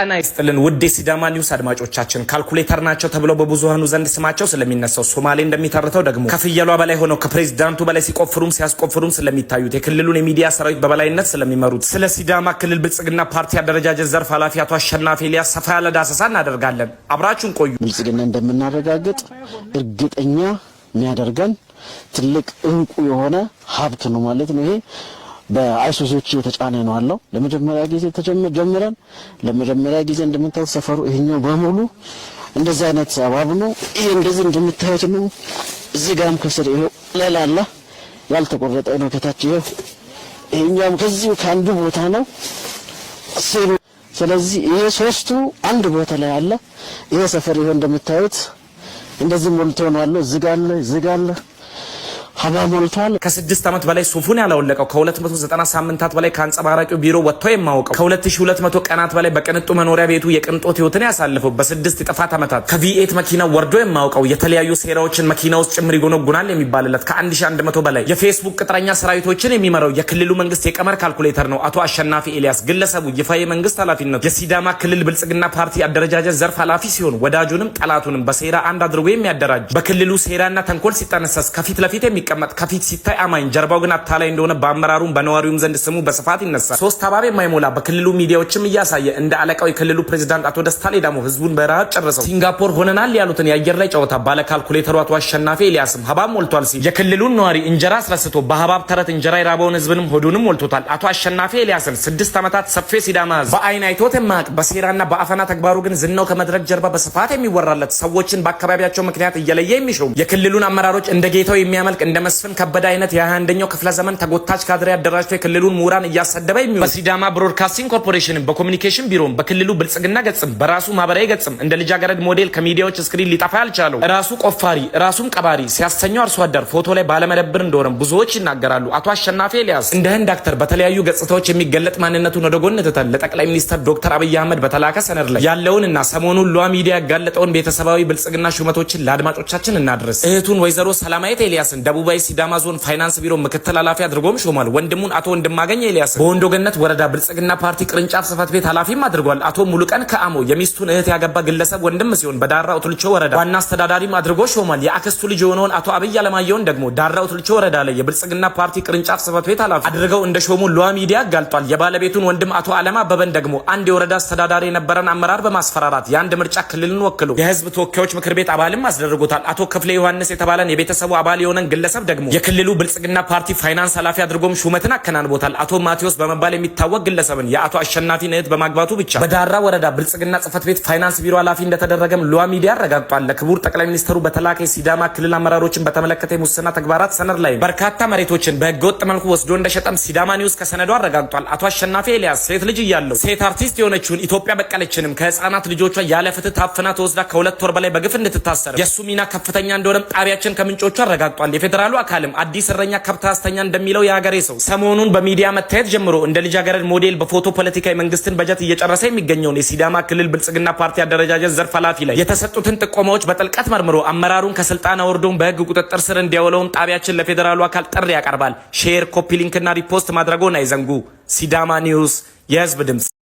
ጤና ይስጥልን ውድ የሲዳማ ኒውስ አድማጮቻችን፣ ካልኩሌተር ናቸው ተብለው በብዙሃኑ ዘንድ ስማቸው ስለሚነሳው ሶማሌ እንደሚተርተው ደግሞ ከፍየሏ በላይ ሆነው ከፕሬዚዳንቱ በላይ ሲቆፍሩም ሲያስቆፍሩም ስለሚታዩት የክልሉን የሚዲያ ሰራዊት በበላይነት ስለሚመሩት ስለ ሲዳማ ክልል ብልጽግና ፓርቲ አደረጃጀት ዘርፍ ኃላፊ አቶ አሸናፊ ኤልያስ ሰፋ ያለ ዳሰሳ እናደርጋለን። አብራችሁን ቆዩ። ብልጽግና እንደምናረጋግጥ እርግጠኛ የሚያደርገን ትልቅ እንቁ የሆነ ሀብት ነው ማለት ነው ይሄ በአይሶሶች የተጫነ ነው አለው። ለመጀመሪያ ጊዜ ጀምረን ለመጀመሪያ ጊዜ እንደምታዩት ሰፈሩ ይሄኛው በሙሉ እንደዚህ አይነት አባብ ነው። ይሄ እንደዚህ እንደምታዩት ነው። እዚህ ጋም ከስር ይሄው አለ ያልተቆረጠ ነው ከታች ይሄው ይሄኛውም ከዚሁ ከአንዱ ቦታ ነው። ስለዚህ ይሄ ሶስቱ አንድ ቦታ ላይ አለ። ይሄ ሰፈር ይሄው እንደምታዩት እንደዚህ ሞልቶ ነው አለው። እዚህ ጋር አለ፣ እዚህ ጋር አለ ሰባ ሞልቷል። ከስድስት ዓመት በላይ ሱፉን ያላወለቀው ከ ዘጠና ሳምንታት በላይ ከአንጸባራቂው ቢሮ ወጥቶ የማውቀው ሁለት መቶ ቀናት በላይ በቅንጡ መኖሪያ ቤቱ የቅንጦት ህይወትን ያሳልፈው በስድስት የጥፋት ዓመታት ከቪኤት መኪና ወርዶ የማውቀው የተለያዩ ሴራዎችን መኪና ውስጥ ጭምር ይጎነጉናል የሚባልለት ከ1100 በላይ የፌስቡክ ቅጥረኛ ሰራዊቶችን የሚመራው የክልሉ መንግስት የቀመር ካልኩሌተር ነው አቶ አሸናፊ ኤልያስ። ግለሰቡ ይፋ የመንግስት ኃላፊነቱ የሲዳማ ክልል ብልጽግና ፓርቲ አደረጃጀት ዘርፍ ኃላፊ ሲሆን ወዳጁንም ጠላቱንም በሴራ አንድ አድርጎ የሚያደራጅ በክልሉ ሴራና ተንኮል ሲጠነሰስ ከፊት ለፊት የሚቀ ሲቀመጥ ከፊት ሲታይ አማኝ ጀርባው ግን አታላይ እንደሆነ በአመራሩም በነዋሪውም ዘንድ ስሙ በስፋት ይነሳል። ሶስት አባቤ የማይሞላ በክልሉ ሚዲያዎችም እያሳየ እንደ አለቃው የክልሉ ፕሬዚዳንት አቶ ደስታ ሌዳሞ ህዝቡን በረሃብ ጨርሰው ሲንጋፖር ሆነናል ያሉትን የአየር ላይ ጨዋታ ባለ አቶ አሸናፊ ኤልያስም ሀባብ ሞልቷል ሲል የክልሉን ነዋሪ እንጀራ አስረስቶ በሀባብ ተረት እንጀራ የራበውን ህዝብንም ሆዱንም ሞልቶታል። አቶ አሸናፊ ኤልያስን ስድስት ዓመታት ሰፌ ሲዳማ ህዝብ በአይን አይቶት የማያውቅ በሴራና በአፈና ተግባሩ ግን ዝናው ከመድረክ ጀርባ በስፋት የሚወራለት ሰዎችን በአካባቢያቸው ምክንያት እየለየ የሚሾም የክልሉን አመራሮች እንደ ጌታው የሚያመልክ እንደ እንደ መስፍን ከበደ አይነት የ21ኛው ክፍለ ዘመን ተጎታች ካድሬ አደራጅቶ የክልሉን ምሁራን እያሰደበ የሚሆን በሲዳማ ብሮድካስቲንግ ኮርፖሬሽንም በኮሚኒኬሽን ቢሮም በክልሉ ብልጽግና ገጽም በራሱ ማህበራዊ ገጽም እንደ ልጃገረድ ሞዴል ከሚዲያዎች ስክሪን ሊጠፋ ያልቻለው ራሱ ቆፋሪ ራሱም ቀባሪ ሲያሰኘው አርሶ አደር ፎቶ ላይ ባለመደብር እንደሆነም ብዙዎች ይናገራሉ። አቶ አሸናፊ ኤልያስ እንደ ህንድ አክተር በተለያዩ ገጽታዎች የሚገለጥ ማንነቱን ወደ ጎን ትተን ለጠቅላይ ሚኒስትር ዶክተር አብይ አህመድ በተላከ ሰነድ ላይ ያለውንና ሰሞኑን ሉዋ ሚዲያ ያጋለጠውን ቤተሰባዊ ብልጽግና ሹመቶችን ለአድማጮቻችን እናድረስ። እህቱን ወይዘሮ ሰላማየት ኤልያስን ደቡብ የደቡባዊ ሲዳማ ዞን ፋይናንስ ቢሮ ምክትል ኃላፊ አድርጎም ሾሟል። ወንድሙን አቶ ወንድማገኝ ኤልያስ በወንዶ ገነት ወረዳ ብልጽግና ፓርቲ ቅርንጫፍ ጽህፈት ቤት ኃላፊም አድርጓል። አቶ ሙሉቀን ከአሞ የሚስቱን እህት ያገባ ግለሰብ ወንድም ሲሆን በዳራ ኦትልቾ ወረዳ ዋና አስተዳዳሪም አድርጎ ሾሟል። የአክስቱ ልጅ የሆነውን አቶ አብይ አለማየሁን ደግሞ ዳራ ኦትልቾ ወረዳ ላይ የብልጽግና ፓርቲ ቅርንጫፍ ጽህፈት ቤት ኃላፊ አድርገው እንደ ሾሙ ሉዋ ሚዲያ አጋልጧል። የባለቤቱን ወንድም አቶ አለማ አበበን ደግሞ አንድ የወረዳ አስተዳዳሪ የነበረን አመራር በማስፈራራት የአንድ ምርጫ ክልልን ወክሎ የህዝብ ተወካዮች ምክር ቤት አባልም አስደርጎታል። አቶ ክፍሌ ዮሐንስ የተባለን የቤተሰቡ አባል የሆነን ግለሰብ ግለሰብ ደግሞ የክልሉ ብልጽግና ፓርቲ ፋይናንስ ኃላፊ አድርጎም ሹመትን አከናንቦታል። አቶ ማቴዎስ በመባል የሚታወቅ ግለሰብን የአቶ አሸናፊ እህት በማግባቱ ብቻ በዳራ ወረዳ ብልጽግና ጽህፈት ቤት ፋይናንስ ቢሮ ኃላፊ እንደተደረገም ሉዋ ሚዲያ አረጋግጧል። ለክቡር ጠቅላይ ሚኒስትሩ በተላከ ሲዳማ ክልል አመራሮችን በተመለከተ የሙስና ተግባራት ሰነድ ላይ በርካታ መሬቶችን በህገወጥ መልኩ ወስዶ እንደሸጠም ሲዳማ ኒውስ ከሰነዱ አረጋግጧል። አቶ አሸናፊ ኤልያስ ሴት ልጅ እያለው ሴት አርቲስት የሆነችውን ኢትዮጵያ በቀለችንም ከህፃናት ልጆቿ ያለ ፍትህ ታፍና ተወስዳ ከሁለት ወር በላይ በግፍ እንድትታሰር የእሱ ሚና ከፍተኛ እንደሆነም ጣቢያችን ከምንጮቹ አረጋግጧል። የፌዴራል ያሉ አካልም አዲስ እረኛ ከብት አስተኛ እንደሚለው የሀገሬ ሰው ሰሞኑን በሚዲያ መታየት ጀምሮ እንደ ልጃገረድ ሞዴል በፎቶ ፖለቲካዊ መንግስትን በጀት እየጨረሰ የሚገኘውን የሲዳማ ክልል ብልጽግና ፓርቲ አደረጃጀት ዘርፍ ኃላፊ ላይ የተሰጡትን ጥቆማዎች በጥልቀት መርምሮ አመራሩን ከስልጣን አውርዶን በህግ ቁጥጥር ስር እንዲያውለውን ጣቢያችን ለፌዴራሉ አካል ጥሪ ያቀርባል። ሼር፣ ኮፒ ሊንክና ሪፖስት ማድረጎን አይዘንጉ። ሲዳማ ኒውስ የህዝብ ድምፅ